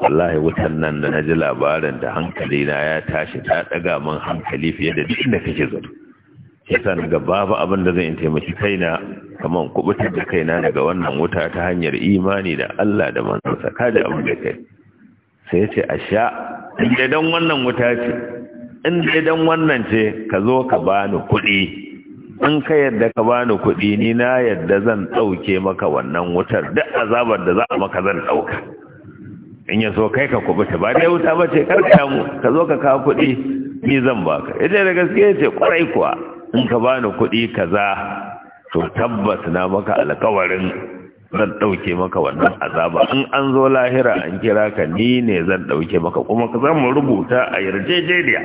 wallahi wutan nan da na ji labarin da hankali na ya tashi ta daga min hankali fiye da duk da kake zato yasa na ga babu abin da zai yi taimaki kaina kamar kubutar da kaina daga wannan wuta ta hanyar imani da Allah da manzansa kada abin da kai sai ce a sha inda dan wannan wuta ce inda dan wannan ce ka zo ka bani kuɗi in ka yadda ka bani kuɗi ni na yadda zan ɗauke maka wannan wutar duk azabar da za a maka zan ɗauka in ya so kai ka kubuta ba dai wuta ba ce kar ka mu ka zo ka kawo kuɗi ni zan baka ita da gaske ce kwarai kuwa in ka bani kuɗi kaza to tabbas na maka alkawarin zan ɗauke maka wannan azaba in an zo lahira an kira ka ni ne zan ɗauke maka kuma ka zan mu rubuta a yarjejeniya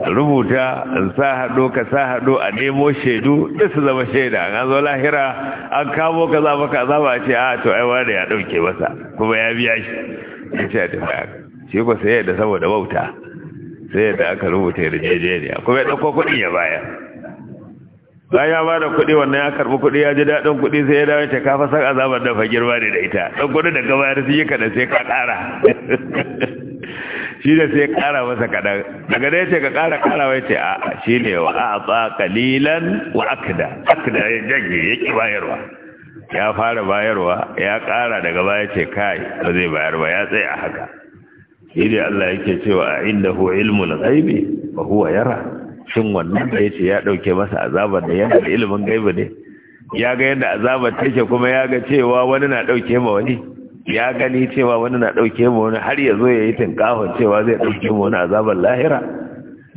rubuta sa haɗo ka sa haɗo a nemo shaidu duk su zama shaida a zo lahira an kamo ka za ka azaba a ce a ah, to ai wani ya ɗauke masa kuma ya biya shi ya ce a tafi haka shi ko sai yadda saboda bauta sai yadda aka rubuta yarjejeniya kuma ya ɗauko kuɗi ya baya bayan ya ba da kuɗi wannan ya karɓi kuɗi ya ji daɗin kuɗi sai ya dawo ta kafa san azabar da fa girma ne da ita ɗan kuɗi daga bayar su yi kaɗan sai ka ƙara shi da sai kara masa kaɗan daga da yace ka kara kara wai ce a shi ne wa a kalilan wa akida akida ya jage ya ki bayarwa ya fara bayarwa ya kara daga baya ce kai ba zai bayar ba ya tsaye a haka shi ne Allah yake cewa a inda hu ilmun ghaibi ba huwa yara shin wannan da yace ya dauke masa azabar da yana da ilimin gaibi ne ya ga yadda azabar take kuma ya ga cewa wani na dauke ma wani ya gani cewa wani na ɗauke mu wani har ya zo ya yi tinkahon cewa zai ɗauke mu wani azabar lahira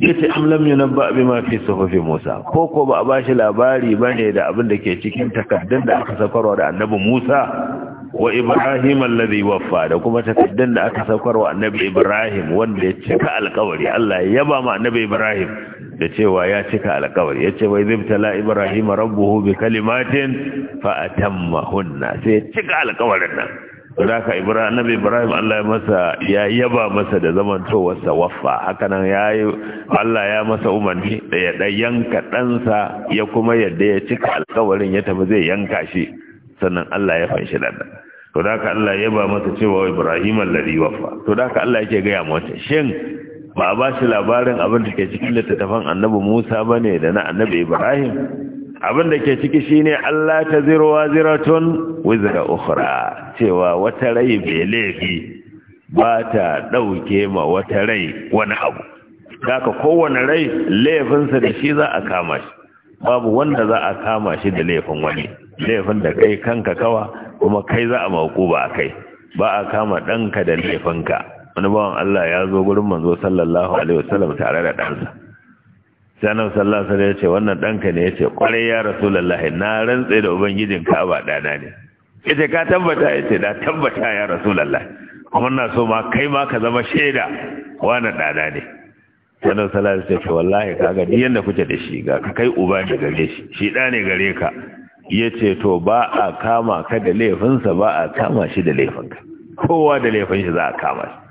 ya ce amlam yi nan ba ma fi sufufi musa ko ko ba a ba shi labari ba ne da abin da ke cikin takardun da aka saukarwa da annabi musa wa ibrahim allazi waffa da kuma takardun da aka saukarwa annabi ibrahim wanda ya cika alkawari allah ya ba ma annabi ibrahim da cewa ya cika alkawari ya ce wai zibtala ibrahim rabbuhu bi kalimatin fa atammahunna sai ya cika alkawarin nan Zaka Ibrahim Annabi Ibrahim Allah ya masa ya yaba masa da zamantowarsa sa waffa hakanan yayi Allah ya masa umarni da ya dan yanka ya kuma yadda ya cika alƙawarin ya tafi zai yanka shi sannan Allah ya fanshi dan to zaka Allah ya yaba masa cewa Ibrahim alladhi waffa to zaka Allah yake ga ya mota shin ba a ba shi labarin abin da ke cikin littattafan Annabi Musa bane da na Annabi Ibrahim abin da ke ciki shine Allah ta zirwa ziratun wizra ukhra cewa wata rai bai laifi ba ta dauke ma wata rai wani abu haka kowane rai laifinsa da shi za a kama shi babu wanda za a kama shi da laifin wani laifin da kai kanka kawa kuma kai za a mauku ba a kai ba a kama ɗanka da laifinka wani bawan Allah ya zo gurin manzo sallallahu alaihi wasallam tare da ɗansa sai sallallahu ya ce wannan danka ne ce kwarai ya rasulullahi na rantse da ubangijin Ka'aba dana ne Ita ka tabbata yace da tabbata ya rasulullahi kuma na so ma kai ma ka zama shaida wannan dana ne sai sallallahu ya ce wallahi kaga duk yanda kuke da shi ga kai uba ne gare shi shi da ne gare ka Ya ce to ba a kama ka da laifinsa ba a kama shi da laifinka kowa da laifin shi za a kama shi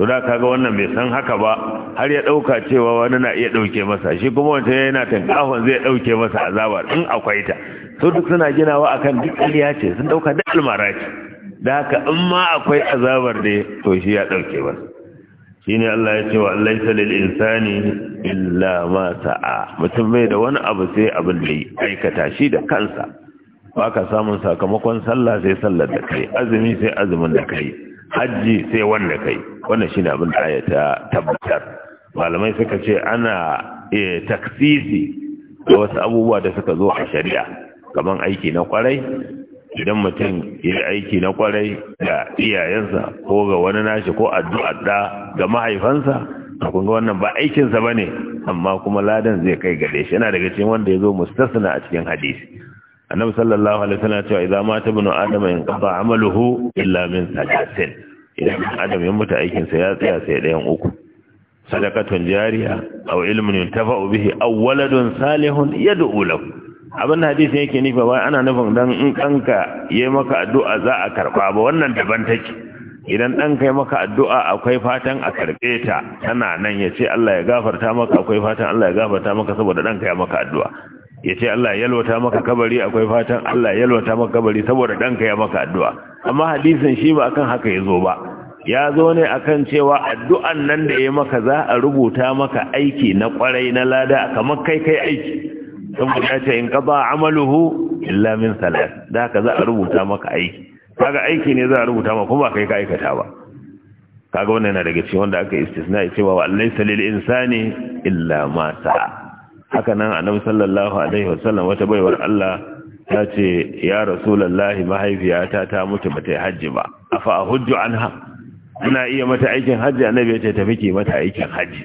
to da kaga wannan bai san haka ba har ya dauka cewa wani na iya dauke masa shi kuma wancan yana tankahon zai dauke masa azaba in akwai ta su duk suna ginawa akan duk ƙarya ce sun dauka da almara ce da haka in ma akwai azabar da to shi ya dauke masa ne Allah ya ce wa laysa lil insani illa ma sa'a mutum bai da wani abu sai abin da ya aikata shi da kansa baka samun sakamakon sallah sai sallar da kai azumi sai azumin da kai hajji sai wanda kai wannan ne abin da aya ta tabbatar malamai suka ce ana eh, taksisi da wasu abubuwa da suka zo a shari'a kamar aiki na kwarai idan mutum ya aiki na kwarai da iyayensa ko ga wani nashi ko addu'a da ga mahaifansa kun ga wannan ba aikinsa ba ne amma kuma ladan zai kai gare shi yana daga cikin wanda ya zo mustasna a cikin hadisi annabi sallallahu alaihi wasallam cewa idza mata ibnu adama yanqata amaluhu illa min salatin idan adam ya mutu aikin sa ya tsaya sai ɗayan uku sadaqatun jariya aw ilmun yuntafa'u bihi aw waladun salihun yad'u lahu abin hadisi yake nufi ba ana nufin dan in kanka yayi maka addu'a za a karba ba wannan daban take idan ɗan kai maka addu'a akwai fatan a karɓe ta tana nan ya ce Allah ya gafarta maka akwai fatan Allah ya gafarta maka saboda dan kai maka addu'a ya ce Allah yalwata maka kabari akwai fatan Allah yalwata maka kabari saboda ɗanka ya maka addu'a amma hadisin shi ba akan haka ya zo ba ya zo ne akan cewa addu'an nan da ya maka za a rubuta maka aiki na kwarai na lada kamar kai kai aiki saboda ya ce in qada amaluhu illa min salat da haka za a rubuta maka aiki kaga aiki ne za a rubuta maka kuma kai ka aikata ba kaga wannan yana daga cikin wanda aka istisna ya ce wa insani illa ma sa'a haka nan nabi sallallahu alaihi wasallam wata baiwar Allah ta ce ya rasulullahi mahaifiyata ta mutu bata yi hajji ba A afa hujju anha ina iya mata aikin hajji annabi ya ce ta ki mata aikin hajji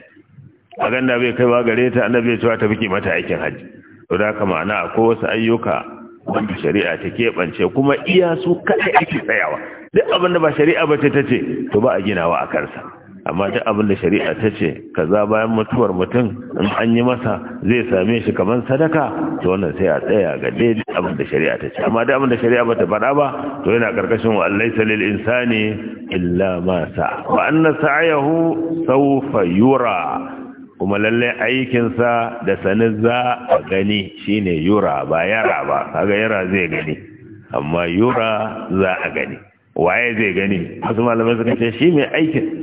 a ganda bai kaiwa gare ta annabi ya ce tafi ki mata aikin hajji to da haka ma'ana akwai wasu ayyuka wanda shari'a ta keɓance kuma iya su kaɗai ake tsayawa duk abin da ba shari'a ba ce ta ce to ba a ginawa a kansa amma duk abin da shari'a ta ce kaza bayan mutuwar mutum in an yi masa zai same shi kamar sadaka to wannan sai a tsaya ga daidai abin da shari'a ta ce amma duk abin da shari'a bata faɗa ba to yana karkashin wa laysa lil insani illa ma sa wa anna sa'ayahu sawfa yura kuma lalle aikinsa da sanin za a gani shine yura ba yara ba kaga yara zai gani amma yura za a gani waye zai gani wasu malamai suka ce shi mai aikin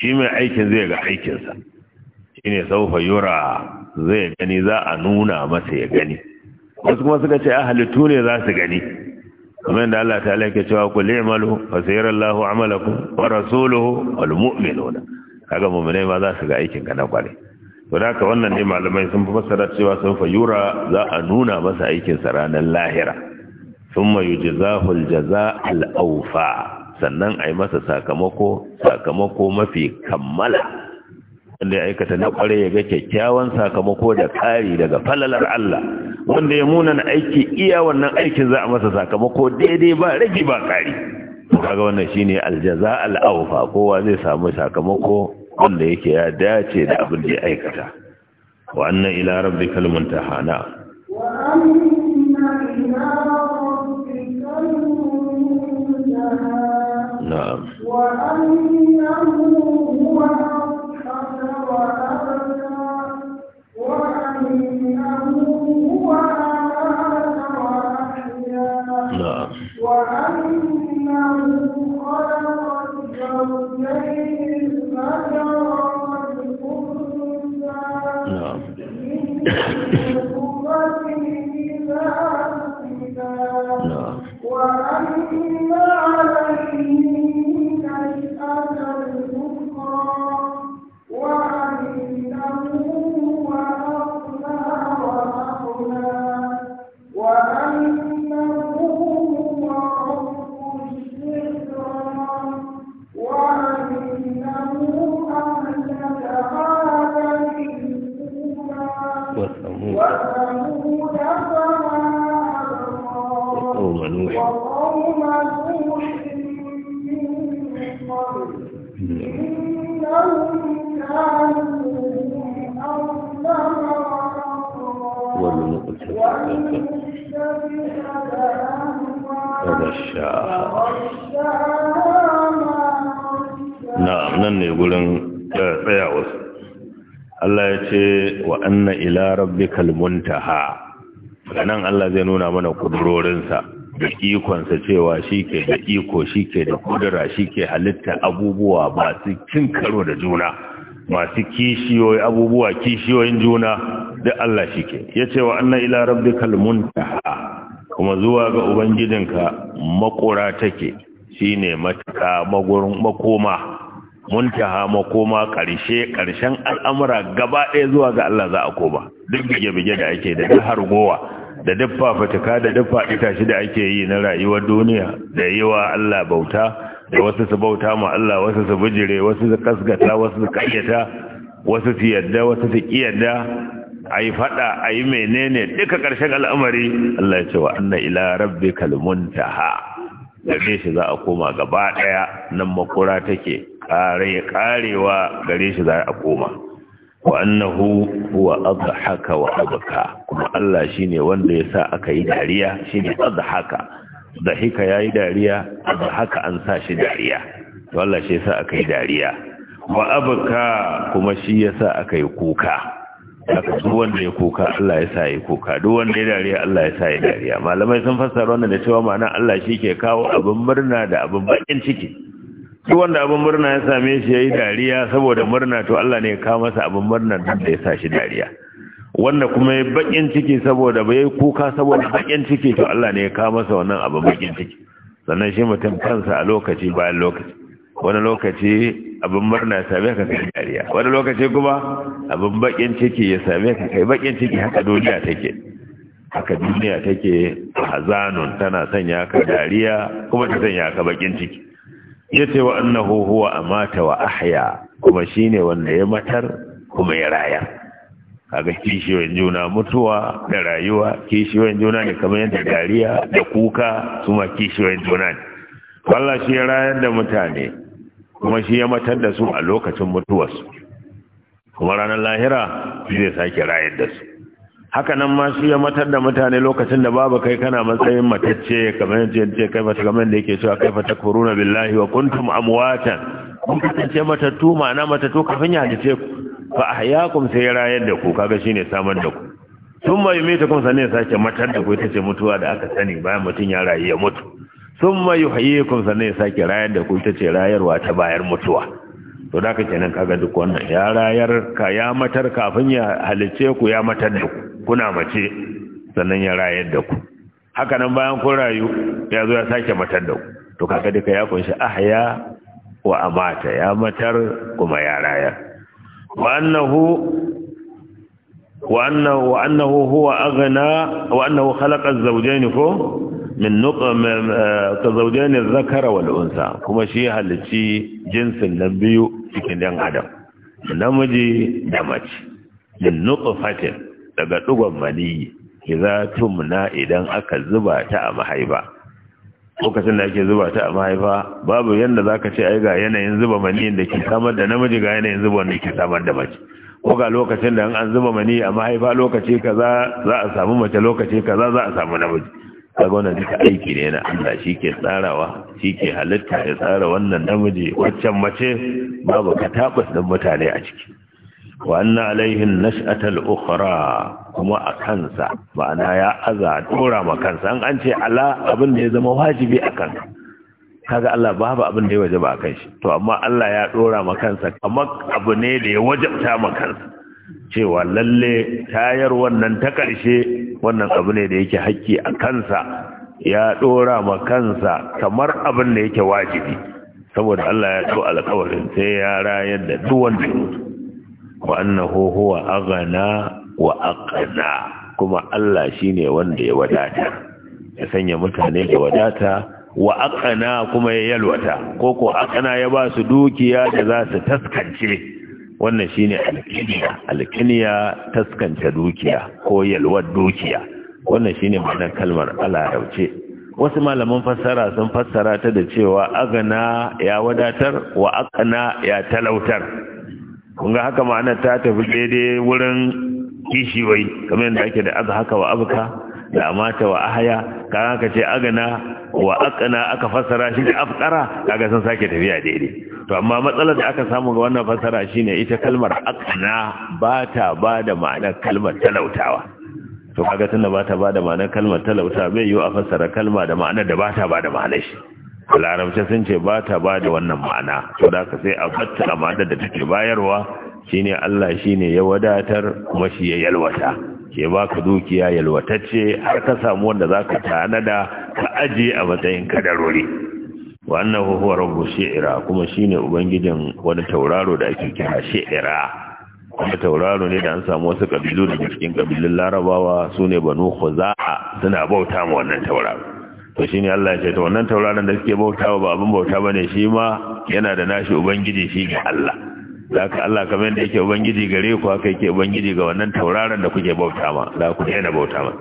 shi mai aikin zai ga aikinsa shi ne saufa yura zai gani za a nuna masa ya gani wasu kuma suka ce a ah, halittu ne za su gani kuma yadda Allah ta alaƙa cewa ku li'malu fa sayyara Allahu amalakum wa rasuluhu wal mu'minuna kaga mu'minai ma za su ga aikin ka na kwale. to da wannan ne malamai sun fassara cewa sun fa yura za a nuna masa aikinsa ranar lahira thumma yujzahu al jazaa al awfa sannan a yi masa sakamako sakamako mafi kammala wanda ya aikata na kware ya ga kyakkyawan sakamako da kari daga falalar Allah wanda ya munana aiki iya wannan aikin za a masa sakamako daidai ba rage ba kari kaga wannan shine aljaza al'awfa kowa zai samu sakamako wanda yake ya dace da abin da ya aikata wa anna ila rabbikal muntahana wa نعم وأنه هو أضحك وأبكى وأنه هو أمات وأحيا نعم وأنه خلق الزوجين الذكر والأنثى نعم نعم وأن على غشاها نعم نن tsaya wasu Allah ya ce wa anna ila rabbikal muntaha nan Allah zai nuna mana kudurorinsa da ikonsa cewa shi ke da iko shi ke da kudura shi ke halitta abubuwa ba su karo da juna masu kishiyoyi abubuwa kishiyoyin juna da Allah shi ke ya ce wa annan ila rabbi muntaha kuma zuwa ga ubangijinka makura take shine mataka magurin makoma muntaha makoma karshe karshen al'amura gaba ɗaya zuwa ga Allah za a koma duk bige-bige da ake da har gowa da duffa fafutuka da duffa faɗita shi da ake yi na rayuwar duniya da yi wa Allah bauta da wasu su bauta ma Allah wasu su bujire wasu su kasgata wasu su kayyata wasu su yadda wasu su kiyarda a yi faɗa a yi menene duka ƙarshen al'amari Allah ya ce wa anna ila rabbi kalmuntaha gare shi za a koma gaba ɗaya nan makura take ƙare ƙarewa gare shi za a koma wa annahu huwa adhaka wa abka kuma Allah shine wanda ya sa aka yi dariya shine adhaka dahika yayi dariya adhaka an sa shi dariya to Allah shi yasa aka yi dariya wa abka kuma shi yasa aka yi kuka haka duk wanda ya kuka Allah ya sa ya kuka duk wanda ya dariya Allah ya sa ya dariya malamai sun fassara wannan da cewa ma'ana Allah shi ke kawo abin murna da abin bakin ciki duk wanda abin murna ya same shi ya yi dariya saboda murna to Allah ne ya kawo masa abin murna don da ya sa shi dariya wanda kuma ya bakin ciki saboda bai kuka saboda bakin ciki to Allah ne ya kawo masa wannan abin bakin ciki sannan shi mutum kansa a lokaci bayan lokaci wani lokaci abin murna ya same ka kai dariya wani lokaci kuma abin bakin ciki ya same ka kai bakin ciki haka duniya take haka duniya take hazanun tana sanya ka dariya kuma ta sanya ka bakin ciki ya ce wa annahu huwa amata wa ahya kuma shine wanda ya matar kuma ya raya kaga kishiyoyin juna mutuwa da rayuwa kishiyoyin juna ne kamar yadda dariya da kuka su ma kishiyoyin juna ne Allah shi ya rayar da mutane kuma shi ya matar da su a lokacin mutuwarsu kuma ranar lahira shi zai sake rayar da su haka nan ma shi ya matar da mutane lokacin da babu kai kana matsayin matacce kamar yadda kai mata kamar da yake cewa kai fa takfuruna billahi wa kuntum amwatan kun kasance matattu ma'ana matattu kafin ya dace ku fa ahyakum sai ya rayar da ku kaga shine samar da ku sun mai mai ta kuma sanne sake matar da ku ita ce mutuwa da aka sani bayan mutum ya rayu ya mutu sun mai yuhayyikum sanne sake rayar da ku ita ce rayarwa ta bayar mutuwa to da ka kenan kaga duk wannan ya rayar ka ya matar kafin ya halice ku ya matar da ku kuna mace sannan ya rayar da ku haka nan bayan kun rayu ya zo ya sake matar da ku to kaga duka ya kunshi ahya wa amata ya matar kuma ya rayar wa annahu wa annahu wa annahu huwa aghna wa annahu khalaqa az-zawjayn ko min nuqam eh, ka zawjayn az-zakara wal unsa kuma shi halici jinsin nan biyu cikin dan adam namiji da mace min nuqfatin daga dugon mani iza tumna idan aka zuba ta a mahaifa lokacin da ake zuba ta a mahaifa babu yanda zaka ce ai ga yanayin zuba mani da ke samar da namiji ga yanayin zuba wanda ke samar da mace ko ga lokacin da an zuba mani a mahaifa lokaci kaza za a samu mace lokaci kaza za a samu namiji kaga wannan duka aiki ne na Allah ke tsarawa ke halitta ya tsara wannan namiji waccan mace babu katabus din mutane a ciki wa anna alaihin nash'atal ukhra kuma a kansa ma'ana ya aza dora ma kansa an an ce Allah abin da ya zama wajibi a kanka kaga Allah babu abin da ya waje ba a kanshi. shi to amma Allah ya dora ma kansa Amma abu ne da ya wajabta ma kansa cewa lalle tayar wannan ta karshe, wannan abu ne da yake haƙƙi a kansa ya dora ma kansa kamar abin da yake wajibi saboda Allah ya ɗau alƙawarin sai ya rayar da duk wanda ya mutu wa annahu huwa aghna wa aqna kuma Allah shine wanda ya wadata ya sanya mutane da wadata wa aqna kuma ya yalwata ko aqna ya ba su dukiya da za su taskance wannan shine alkiniya alkiniya taskance dukiya ko yalwar dukiya wannan shine ma'anar kalmar Allah wuce. wasu malaman fassara sun fassara ta da cewa aghna ya wadatar wa aqna ya talautar kun ga haka ma'ana ta tafi daidai wurin wai kamar yadda ake da aza haka wa abuka da amata wa ahaya Ka haka ce agana wa akana aka fassara shi da afkara kaga sun sake tafiya daidai to amma matsalar da aka samu ga wannan fassara shine ita kalmar akana ba ta ba da ma'anar kalmar talautawa to kaga tunda ba ta ba da ma'anar kalmar talautawa bai yiwu a fassara kalma da ma'anar da ba ta ba da ma'anar shi larabci sun ce ba ta ba da wannan ma'ana to da ka sai a batta a da take bayarwa shine Allah shine ya wadatar kuma shi ya yalwata ke baka dukiya yalwatacce har ka samu wanda zaka tanada ka aje a matsayin kadarori wannan annahu huwa rabbu shi'ra kuma shine ubangijin wani tauraro da ake kira shi'ra kuma tauraro ne da an samu wasu kabilu da cikin kabilun larabawa sune banu khuza'a suna bauta ma wannan tauraro to shi ne Allah ya ce to wannan tauraron da suke bauta ba abin bauta bane shi ma yana da nashi ubangiji shi ga Allah Za ka Allah kamar yadda yake ubangiji gare ku haka yake ubangiji ga wannan tauraron da kuke bauta ma za ku daina bauta ma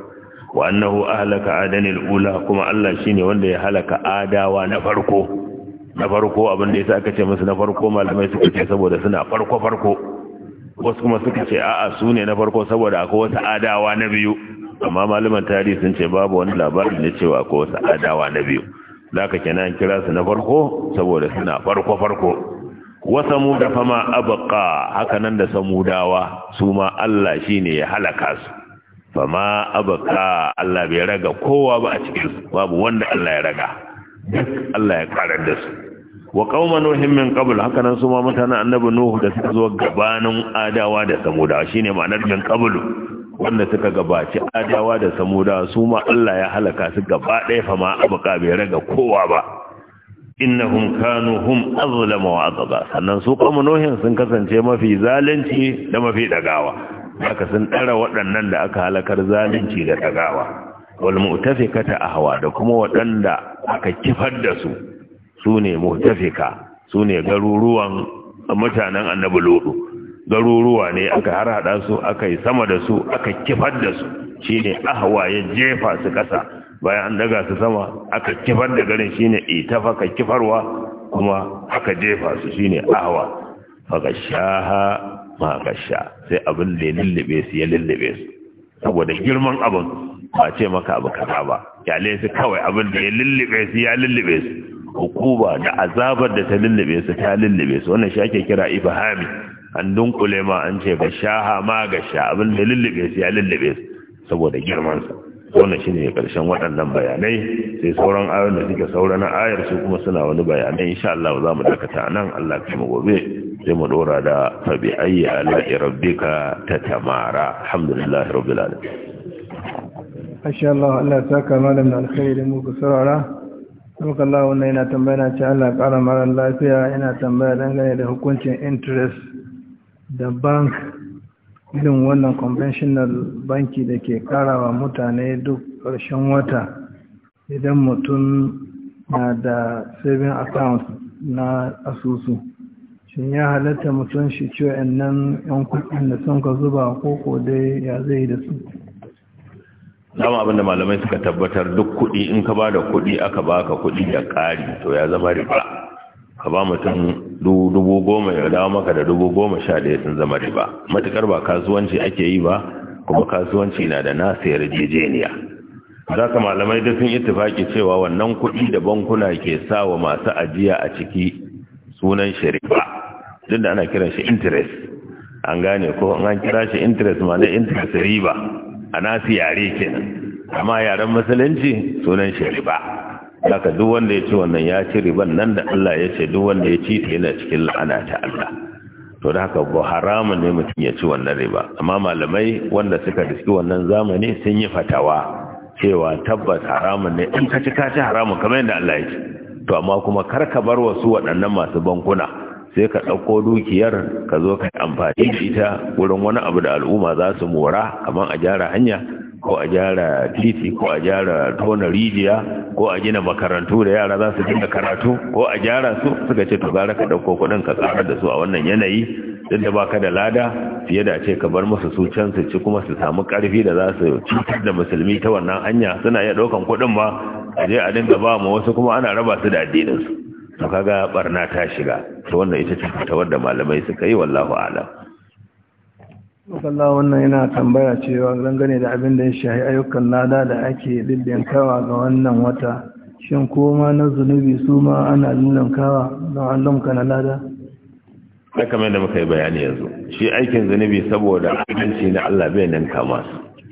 wa annahu ahlaka adanil ula kuma Allah shine wanda ya halaka adawa na farko na farko abin da yasa aka ce musu na farko malamai suka ce saboda suna farko farko wasu kuma suka ce a'a su ne na farko saboda akwai wasu adawa na biyu amma malaman tarihi sun ce babu wani labarin da cewa ko wasu adawa na biyu za ka kenan kira su na farko saboda suna farko-farko wasa mu da fama abaka haka nan da samudawa su ma Allah shi ne ya halaka su fama abaka Allah bai raga kowa ba a cikin babu wanda Allah ya raga duk Allah ya karar da su wa qauma nuhin min qabl haka nan su ma mutanen annabi nuhu da suka zo gabanin adawa da samudawa shine ma'anar min qablu wanda suka gabaci adawa da samuda su ma Allah ya halaka su gaba ɗaya fa ma abuka bai ga kowa ba innahum kanu hum azlama wa azaba sannan su kuma nohin sun kasance mafi zalunci da mafi dagawa haka sun tsara waɗannan da aka halakar zalunci da dagawa wal mu'tafikata ahwa da kuma waɗanda aka kifar da su su ne mu'tafika su garuruwan mutanen annabi lodo garuruwa ne aka harhaɗa su aka yi sama da su aka kifar da su shine ahwa ya jefa su ƙasa bayan an daga su sama aka kifar da garin shine itafa ka kifarwa kuma aka jefa su shine ahwa fagashaha ma gasha sai abin da ya lullube su ya lullube su saboda girman abin ba ce maka abu kaza ba kyale su kawai abin da ya lullube su ya lullube su hukuma da azabar da ta lullube su ta lullube su wannan shi ake kira ibhami an dunkule ma an ce ga shaha ma ga sha abin da lullube su ya lullube saboda girman sa. wannan shine karshen waɗannan bayanai sai sauran ayoyin da suke saura na ayar su kuma suna wani bayanai insha Allah za mu dakata nan Allah ya mu gobe sai mu dora da fa ayi ala rabbika tatamara alhamdulillah rabbil alamin insha Allah Allah ya saka malam da alkhairi mu ku saurara Amurka Allah wannan yana tambaya na ce Allah ƙara mara lafiya yana tambaya dangane da hukuncin interest da bank irin wannan conventional banki da ke karawa mutane duk ƙarshen wata idan mutum na da saving account na asusu shin ya halatta mutum shi ciwo nan yan kudin da sun ka zuba ko dai ya zai da su dama abinda malamai suka tabbatar duk kudi in ka ba da kudi aka ba ka kudi da ƙari to ya zama riba ka ba mutum dubu goma ya dawo maka da dubu goma sha ɗaya sun zama riba matukar ba kasuwanci ake yi ba kuma kasuwanci na da nasa yarjejeniya za ka malamai da sun ittifaki cewa wannan kuɗi da bankuna ke sa wa masu ajiya a ciki sunan shi duk da ana kiran shi interest an gane ko an kira shi interest ma na interest riba a nasu yare kenan amma yaren musulunci sunan shi riba haka duk wanda ya ci wannan ya ci riban nan da Allah ya ce duk wanda ya ci ta yana cikin la'ana ta Allah to da haka ba haramun ne mutum ya ci wannan riba amma malamai wanda suka riski wannan zamani sun yi fatawa cewa tabbas haramun ne in ka ci ka ci haramun kamar yadda Allah ya ce to amma kuma kar ka bar wasu waɗannan masu bankuna sai ka ɗauko dukiyar ka zo ka amfani da ita wurin wani abu da al'umma za su mora kamar a gyara hanya ko a gyara titi ko a gyara tona rijiya ko a gina makarantu da yara za su dinga karatu ko a gyara su suka ce to gara ka dauko kuɗin ka tsara da su a wannan yanayi duk da baka da lada fiye da ce ka bar musu su can su ci kuma su samu karfi da za su cutar da musulmi ta wannan hanya suna iya daukan kuɗin ba a je a dinga ba mu wasu kuma ana raba su da addinin su to kaga barna ta shiga to wannan ita ce ta wadda malamai suka yi wallahu a'lam Allah wannan yana tambaya cewa dangane da abin da ya shahi ayyukan lada da ake kawa ga wannan wata shin koma na zunubi su ma ana kawa don an lumka na lada? Na kamar da muka yi bayani yanzu shi aikin zunubi saboda abinci na Allah bai nan kama su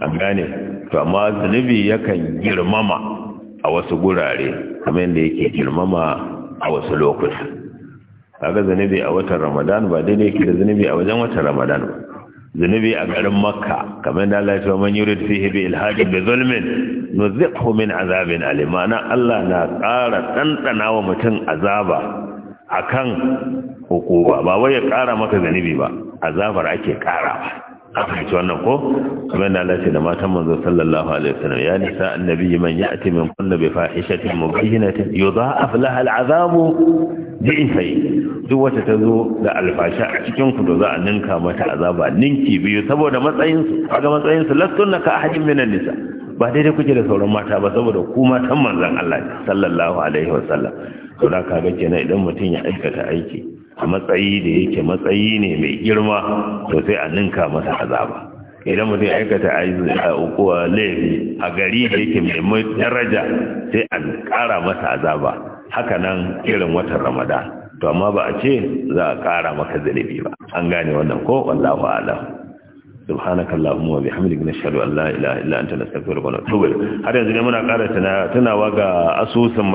an gane to amma zunubi yakan girmama a wasu gurare kamar yadda yake girmama a wasu lokutan. kaga zanubi a watan ramadan ba daidai yake da zanubi a wajen watan ramadan ba zanubi a garin makka kamar da Allah ya ce man yurid fihi bi ilhadin bi zulmin nuzikhu min azabin alim ma'ana Allah na ƙara ɗanɗana wa mutum azaba akan hukuma ba wai ya kara maka zanubi ba azabar ake ƙarawa أخذت ونقو من التي نمات منذ صلى الله عليه وسلم يا نساء النبي من يأتي من كل Za مبينة يضاعف لها العذاب ضعفين duk wata ta zo da alfasha a cikin ku za a ninka mata azaba ninki biyu saboda matsayin su kaga matsayin su lastun naka ahadin nisa ba daidai kuke da sauran mata ba saboda ku matan manzon Allah sallallahu alaihi wasallam to da kaga kenan idan mutum ya aikata aiki a matsayi da yake matsayi ne mai girma to sai a ninka masa azaba idan mutum aikata a ukuwa laifi a gari da yake mai daraja sai an kara masa azaba haka nan irin watan ramadan to amma ba a ce za a kara maka zalibi ba an gane wannan ko wallahu a'lam subhanaka allahumma wa bihamdika nashhadu an la ilaha illa anta nastaghfiruka wa natubu ilayk har yanzu ne muna ƙara tunawa ga asusun